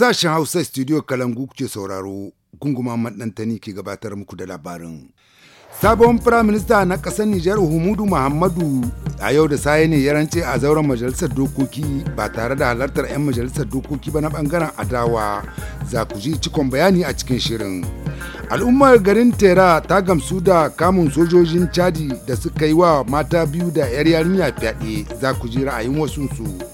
Sashen Hausa Studio Kalangu kuke sauraro gunguma maɗantani ke gabatar muku da labarin. Sabon Firaminista na ƙasar Nijar Humudu Muhammadu a yau da saye ne ya rance a zauren majalisar dokoki ba tare da halartar 'yan majalisar dokoki ba na ɓangaren adawa za ku ji cikon bayani a cikin shirin. Al'ummar garin Tera ta gamsu da kamun sojojin Chadi da suka yi wa mata biyu da 'yar yarinya fyaɗe za ku ji ra'ayin wasunsu. su.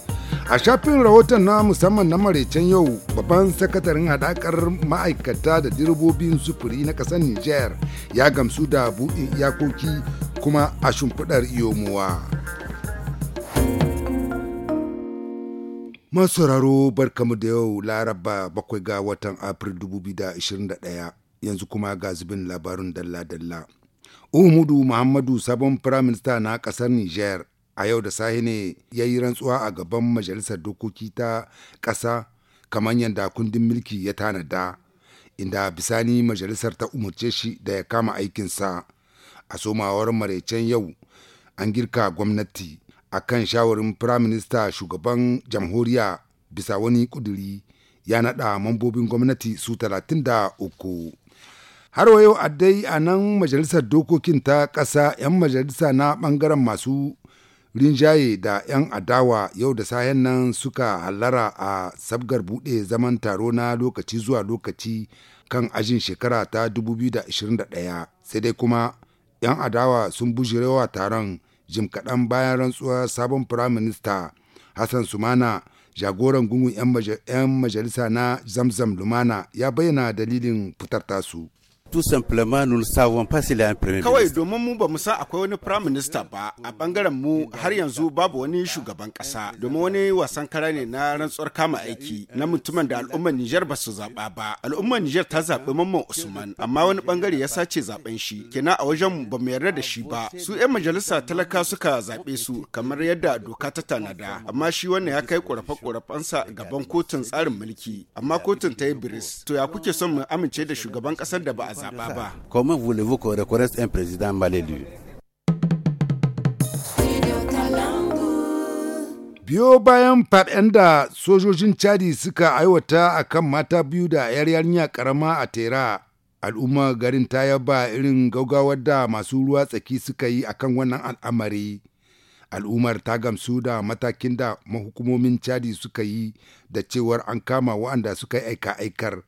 A shafin rahoton na musamman na maraicen yau babban sakataren haɗakar ma'aikata da direbobin sufuri na ƙasar niger ya gamsu da buɗe iyakoki kuma a shimfiɗar iyomowa. Masauraro barkamu da yau laraba bakwai ga watan Afril 2021 yanzu kuma ga zubin labarun dalla-dalla. Umudu Muhammadu sabon firaminista na ƙasar niger. a yau da sahi ne ya yi rantsuwa a gaban majalisar dokoki ta ƙasa kamar yadda kundin mulki ya tanada inda bisani majalisar ta umarce shi da ya kama aikinsa a somawar maraicen yau an girka gwamnati a kan shawarin firaminista shugaban jamhuriya bisa wani kuduri ya naɗa mambobin gwamnati su 33 har wa yau a dai a nan majalisar dokokin ta ƙasa 'yan majalisa na ɓangaren masu rinjaye da 'yan adawa yau da sayan nan suka hallara a sabgar bude zaman taro na lokaci zuwa lokaci kan ajin shekara ta 2021 sai dai kuma 'yan adawa sun bujirewa taron jim kaɗan bayan rantsuwar sabon firaminista hassan sumana jagoran gungun 'yan majalisa na zamzam lumana ya bayyana dalilin fitar tasu. tout simplement nous ne savons pas s'il y a un premier Kawai domin mu bamu mu san akwai wani prime minister ba a bangaren mu har yanzu babu wani shugaban kasa domin wani wasan kara ne na rantsuwar kama aiki na mutumin da al'ummar Nijar ba su zaba ba. Al'ummar Nijar ta zaɓi Mamman Usman amma wani bangare ya sace zaben shi kenan a wajen ba mu yarda da shi ba. Su 'yan majalisa talaka suka zaɓe su kamar yadda doka ta tanada amma shi wannan ya kai ƙorafe-ƙorafensa gaban kotun tsarin mulki amma kotun ta yi biris to ya kuke son mu amince da shugaban ƙasar da ba a ça va pas. Comment voulez-vous qu'on reconnaisse un président mal élu biyo bayan faɗen da sojojin chadi suka aiwata a kan mata biyu da yar yarinya karama a tera al'umma garin ta yaba irin gaugawar da masu ruwa tsaki suka yi akan wannan al'amari al'ummar ta gamsu da matakin da mahukumomin chadi suka yi da cewar an kama waɗanda suka aika aikar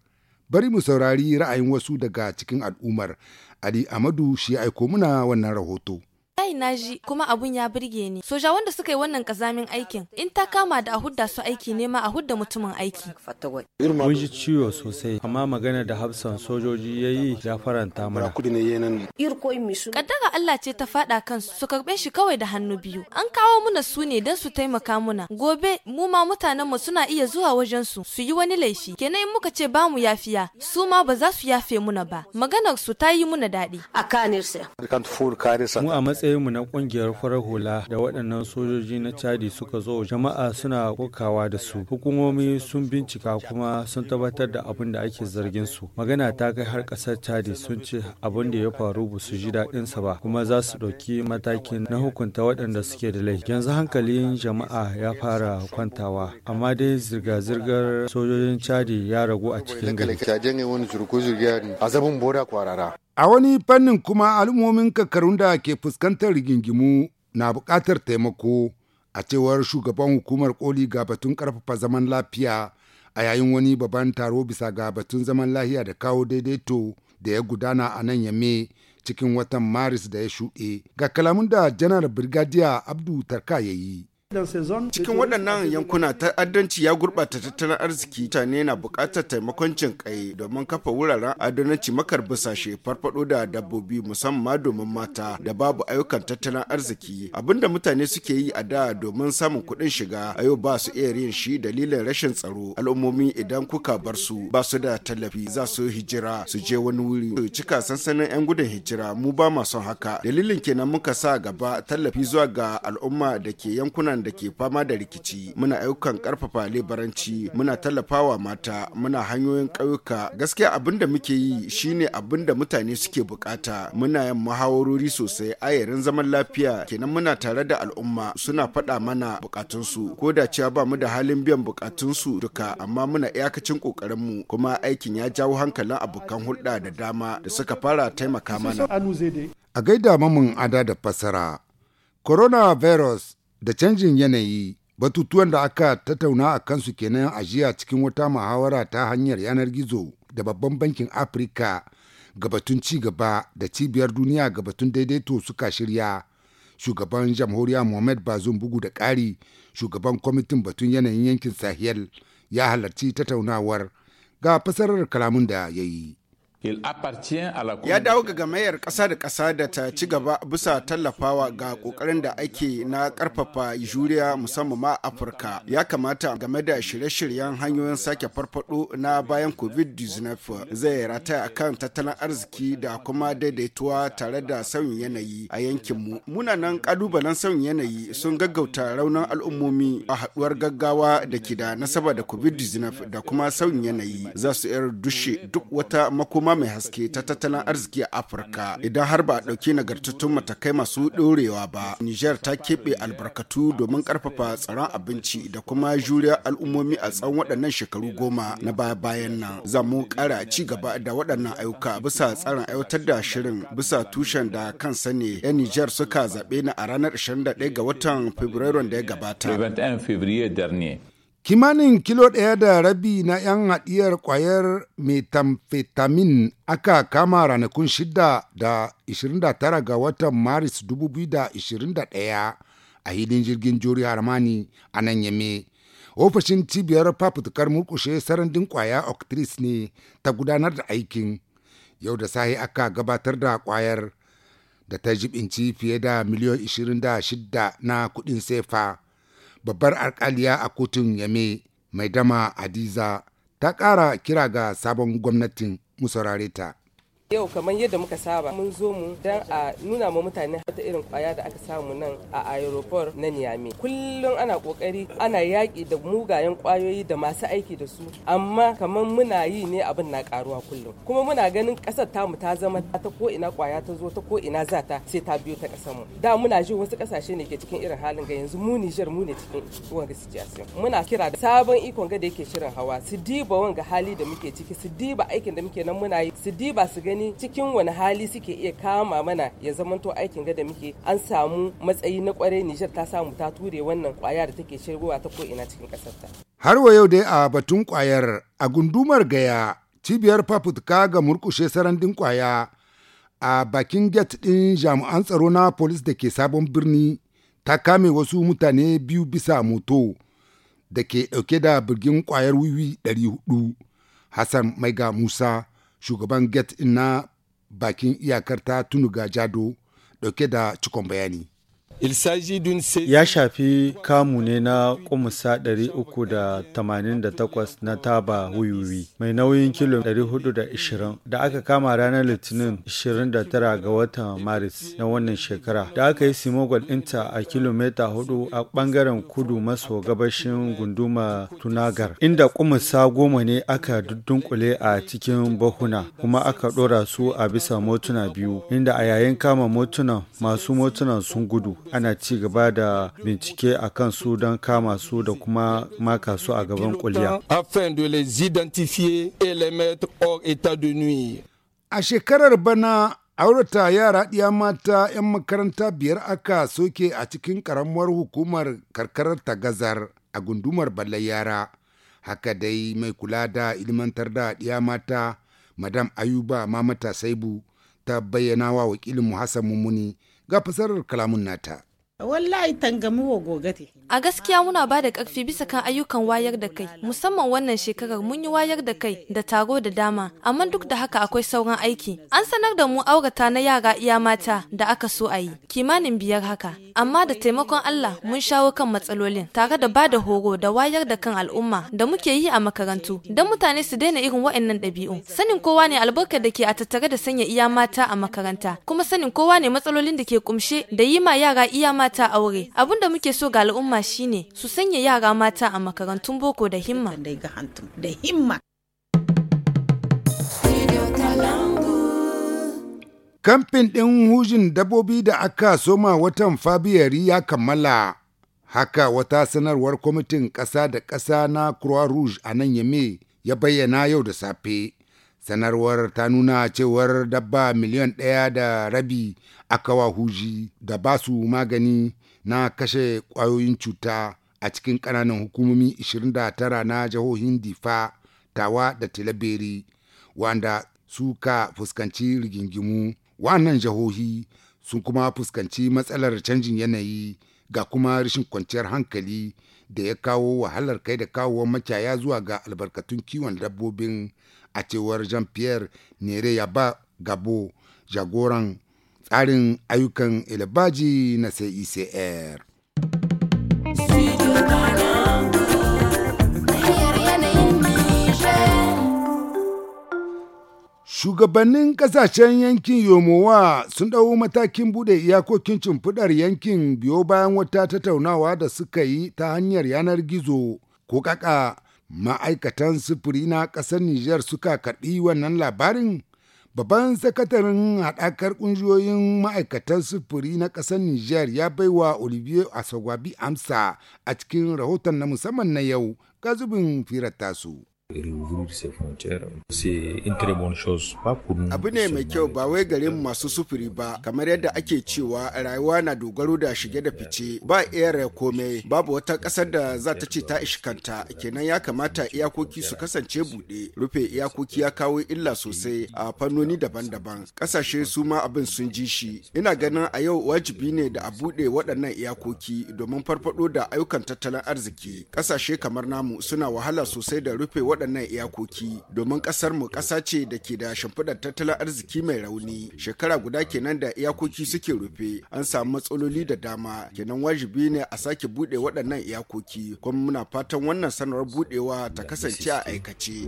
Bari mu saurari ra'ayin wasu daga cikin al'ummar. Ali Amadu shi aiko muna wannan rahoto. wallahi na ji kuma abun ya birge ni soja wanda suka yi wannan kazamin aikin in ta kama da a hudda su aiki ne ma a hudda mutumin aiki mun ji ciwo sosai amma magana da hafsan sojoji ya yi ya faranta mana kaddara Allah ce ta fada kan su karbe shi kawai da hannu biyu an kawo muna su ne don su taimaka muna gobe mu ma mutanenmu suna iya zuwa wajen su su yi wani laifi kenan in muka ce ba mu yafiya su ma ba za su yafe muna ba maganar su ta yi muna daɗi a mu a matsayin mu na kungiyar farar hula da waɗannan sojoji na Chadi suka zo jama'a suna kokawa da su. Hukumomi sun bincika kuma sun tabbatar da abin da ake zargin su. Magana ta kai har ƙasar Chadi sun ce abin da ya faru ba su ji daɗin sa ba kuma za su ɗauki matakin na hukunta waɗanda suke da laifi. Yanzu hankalin jama'a ya fara kwantawa amma dai zirga-zirgar sojojin Chadi ya ragu a cikin gari. A wani fannin kuma al'ummomin kakarun da ke fuskantar rigingimu na buƙatar taimako a cewar shugaban hukumar koli ga batun ƙarfafa zaman lafiya a yayin wani babban taro bisa ga batun zaman lafiya da kawo daidaito da ya gudana a nan yamme cikin watan maris da ya shuɗe ga kalamun da janar birgadiya abdu tarka ya yi. Cikin waɗannan yankuna ta'addanci ya gurɓata tattalin arziki mutane na buƙatar taimakon cin kai domin kafa wuraren adonanci makar busashe farfaɗo da dabbobi musamman domin mata da babu ayyukan tattalin arziki abinda mutane suke yi a da domin samun kuɗin shiga a yau ba su iya yin shi dalilin rashin tsaro al'ummomi idan kuka bar su ba su da tallafi za su hijira su je wani wuri su cika sansanin 'yan gudun hijira mu ba ma son haka dalilin kenan muka sa gaba tallafi zuwa ga al'umma da ke yankunan da ke fama da rikici muna ayyukan karfafa lebaranci muna tallafawa mata muna hanyoyin ƙauyuka gaskiya abin da muke yi shine abin da mutane suke bukata muna yin muhawarori sosai ayarin zaman lafiya kenan muna tare da al'umma suna faɗa mana bukatunsu ko da cewa ba mu da halin biyan bukatunsu duka amma muna iyakacin mu kuma aikin ya jawo hankalin abokan hulɗa da dama da suka fara taimaka mana a gaida mamun ada da fasara coronavirus da canjin yanayi batutuwan da aka tattauna a kansu kenan a jiya cikin wata muhawara ta hanyar yanar gizo da babban bankin afirka ga ci gaba da cibiyar duniya ga batun daidaito suka shirya shugaban jamhuriya mohamed bazoum bugu da ƙari shugaban kwamitin batun yanayin yankin sahel ya halarci tattaunawar ga fasarar kalamun da ya yi Ya dawo ga gamayar ƙasa da ƙasa da ta ci gaba bisa tallafawa ga ƙoƙarin da ake na ƙarfafa juriya musamman ma Afirka. Ya kamata game da shirye-shiryen hanyoyin sake farfado na bayan COVID-19 zai a kan tattalin arziki da kuma daidaituwa tare da sauyin yanayi a yankinmu. Munanan ƙalubalen sauyin yanayi sun gaggauta raunin al'ummomi a haɗuwar gaggawa da ke da nasaba da COVID-19 da kuma sauyin yanayi za su yar dushe duk wata makoma kuma mai haske ta tattalin arziki a Afirka idan har ba a ɗauki nagartattun matakai masu ɗorewa ba. niger ta keɓe albarkatu domin ƙarfafa tsaron abinci da kuma juriya al'ummomi a tsawon waɗannan shekaru goma na baya-bayan nan. Za mu ƙara ci gaba da waɗannan ayyuka bisa tsarin aiwatar da shirin bisa tushen da kan sani 'yan niger suka zaɓe ni a ranar 21 ga watan Fabrairun da ya gabata. Kimanin kilo ɗaya da rabi na 'yan haɗiyar ƙwayar methamphetamine aka kama ranakun 6 da 29 ga watan Maris 2021 a hilin jirgin juri Harmani a nan Yame. Ofishin cibiyar fafutukar murkushe sarandin ƙwaya Octris ne ta gudanar da aikin. Yau da sahi aka gabatar da ƙwayar da ta jibinci fiye da miliyan 26 na kuɗin sefa. babbar alkaliya a kotun yame mai dama adiza ta ƙara kira ga sabon gwamnatin mu saurare ta. Yau kamar yadda muka saba mun zo mu dan a nuna ma mutane wata irin kwaya da aka samu nan a aeroport na Niamey. Kullum ana kokari ana yaki da mugayen kwayoyi da masu aiki da su amma kamar muna yi ne abin na karuwa kullum. Kuma muna ganin kasar tamu ta zama ta ko ina kwaya ta zo ta ko ina za ta sai ta biyo ta kasar mu. Da muna jin wasu ƙasashe ne ke cikin irin halin ga yanzu mu Nijar mu ne cikin wanga situation. Muna kira da sabon ikon ga da yake shirin hawa su diba wanga hali da muke ciki su diba aikin da muke nan muna yi su diba su gani gani cikin wani hali suke iya kama mana ya zamanto aikin gada muke an samu matsayi na kwarai Nijar ta samu ta ture wannan kwaya da take shirgowa ta ko ina cikin kasar ta. Har wa yau dai a batun kwayar a gundumar gaya cibiyar fafutuka ga murkushe sarandin kwaya a bakin gate din jami'an tsaro na polis da ke sabon birni ta kame wasu mutane biyu bisa moto da ke dauke da birgin kwayar wiwi 400 hassan ga musa shugaban get na bakin iyakar ta tunuga jado dauke da cikon bayani Ya shafi kamu ne na kumusa 388 na taba wuyuwi mai nauyin kilo 420 da aka kama ranar Litinin 29 ga watan Maris na wannan shekara da aka yi simogol inta a kilomita 4 a ɓangaren kudu maso gabashin gunduma Tunagar inda kumusa goma ne aka dunkule a cikin bahuna kuma aka ɗora su a bisa motuna biyu inda a yayin kama motuna masu motunan sun gudu ana ci gaba da bincike a kan su don kama su da kuma maka su a gaban kuliya. A shekarar bana aurata yara ɗiya mata 'yan makaranta biyar aka soke a cikin ƙaramar hukumar karkarar gazar a gundumar balle yara. Haka dai mai kula da ilmantar da ɗiya mata, Madam Ayuba Mamata Saibu ta bayyana wa wakilin Hassan Mummuni ga fasarar kalamun nata. wallahi tangami wa gogate a gaskiya muna ba da karfi bisa kan ayyukan wayar da kai musamman wannan shekarar mun yi wayar da kai da taro da dama amma duk da haka akwai sauran aiki an sanar da mu aurata na yara iya mata da aka so a yi kimanin biyar haka amma da taimakon Allah mun shawo kan matsalolin tare da ba da horo da wayar da kan al'umma da muke yi a makarantu don mutane su daina irin waɗannan ɗabi'u sanin kowa ne albarkar da ke a tattare da sanya iya mata a makaranta kuma sanin kowa ne matsalolin da ke kumshe da yi ma yara iya mata mata aure abin da muke so ga al'umma shine su sanya yara mata a makarantun boko da himma Kamfin ɗin hujin dabbobi da aka soma watan Fabiyari ya kammala. Haka wata sanarwar kwamitin ƙasa da ƙasa na Croix Rouge a nan Yame ya bayyana yau da safe. sanarwar ta nuna cewar dabba miliyan ɗaya da rabi aka wa huji da ba su magani na kashe ƙwayoyin cuta a cikin ƙananan hukumomi 29 na jihohin difa tawa da tilaberi wanda suka fuskanci rigingimu wannan jihohi sun kuma fuskanci matsalar canjin yanayi ga kuma rashin kwanciyar hankali da ya kawo wahalar kai da kawo makiyaya zuwa ga albarkatun kiwon dabbobin a cewar jean pierre nere ya ba gabo jagoran tsarin ayyukan ilbaji na cecr Shugabannin kasashen yankin Yomowa sun dawo matakin buɗe iyakokin cimfidar yankin biyo bayan wata tattaunawa da suka yi ta hanyar yanar gizo ko kaka Ma'aikatan sufuri na ƙasar Nijar suka karɓi wannan labarin? Babban sakataren haɗakar ƙungiyoyin ma'aikatan sufuri na ƙasar Nijar ya baiwa Olivier Asogwabi amsa a cikin rahoton na musamman na yau, gazubin firar tasu. Abu ne mai kyau ba wai garin masu sufuri ba, kamar yadda ake cewa rayuwa na dogaro da shige da fice ba iya komai babu wata ƙasar da za ta ce ta ishikanta kenan ya kamata iyakoki su kasance buɗe rufe iyakoki ya kawo illa sosai a fannoni daban-daban ƙasashe su ma abin sun ji shi ina ganin a yau wajibi ne da a buɗe waɗannan iyakoki domin farfaɗo da ayyukan tattalin arziki ƙasashe kamar namu suna wahala sosai da rufe waɗannan iyakoki domin ƙasar mu ƙasa ce da ke da shimfiɗar tattalin arziki mai rauni shekara guda kenan da iyakoki suke rufe an samu matsaloli da dama kenan wajibi ne a sake buɗe waɗannan iyakoki kuma muna fatan wannan sanarwar buɗewa ta kasance a aikace.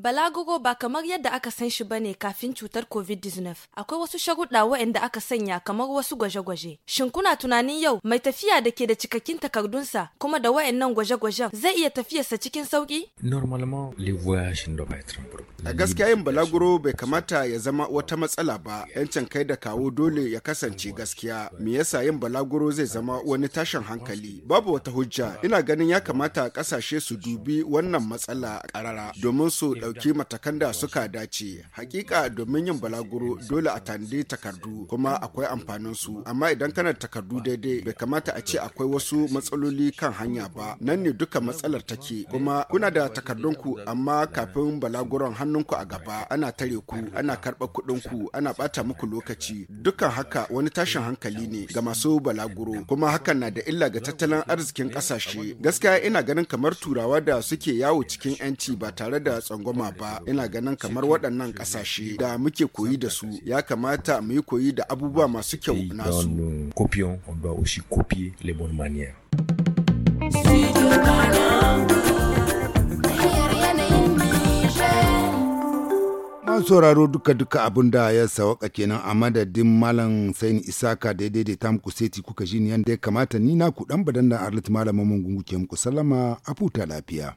Balagogo ba kamar yadda aka san shi bane kafin cutar COVID-19. Akwai wasu sharuɗa waɗanda aka sanya kamar wasu gwaje-gwaje. Shin kuna tunanin yau mai tafiya da ke da cikakkin takardunsa kuma da waɗannan gwaje-gwajen zai iya tafiyarsa cikin sauƙi? A gaskiya yin balaguro bai kamata ya zama wata matsala ba. Yancin kai da kawo dole ya kasance gaskiya. Me yasa yin balaguro zai zama wani tashin hankali? Babu wata hujja. Ina ganin ya kamata ƙasashe su dubi wannan matsala ƙarara domin su ɗauki matakan da suka dace. Hakika domin yin balaguro dole a tanadi takardu kuma akwai amfanin su. Amma idan kana takardu daidai bai kamata a ce akwai wasu matsaloli kan hanya ba. Nan ne duka matsalar take kuma kuna da takardun ku amma kafin balaguron hannun ku a gaba ana tare ku ana karɓa ku ana ɓata muku lokaci. Dukan haka wani tashin hankali ne ga masu balaguro kuma hakan na da illa ga tattalin arzikin ƙasashe. Gaskiya ina ganin kamar turawa da suke yawo cikin 'yanci ba tare da tsangwama al'umma ba ina ganin kamar waɗannan ƙasashe da muke koyi da su ya kamata mu yi koyi da abubuwa masu kyau nasu. an sauraro duka-duka abin da ya sawaka kenan a madadin malam sain isaka da ya daidaita seti kuka ji ni yadda ya kamata ni na ku dan badan da arlit malamin mun ke muku sallama a lafiya.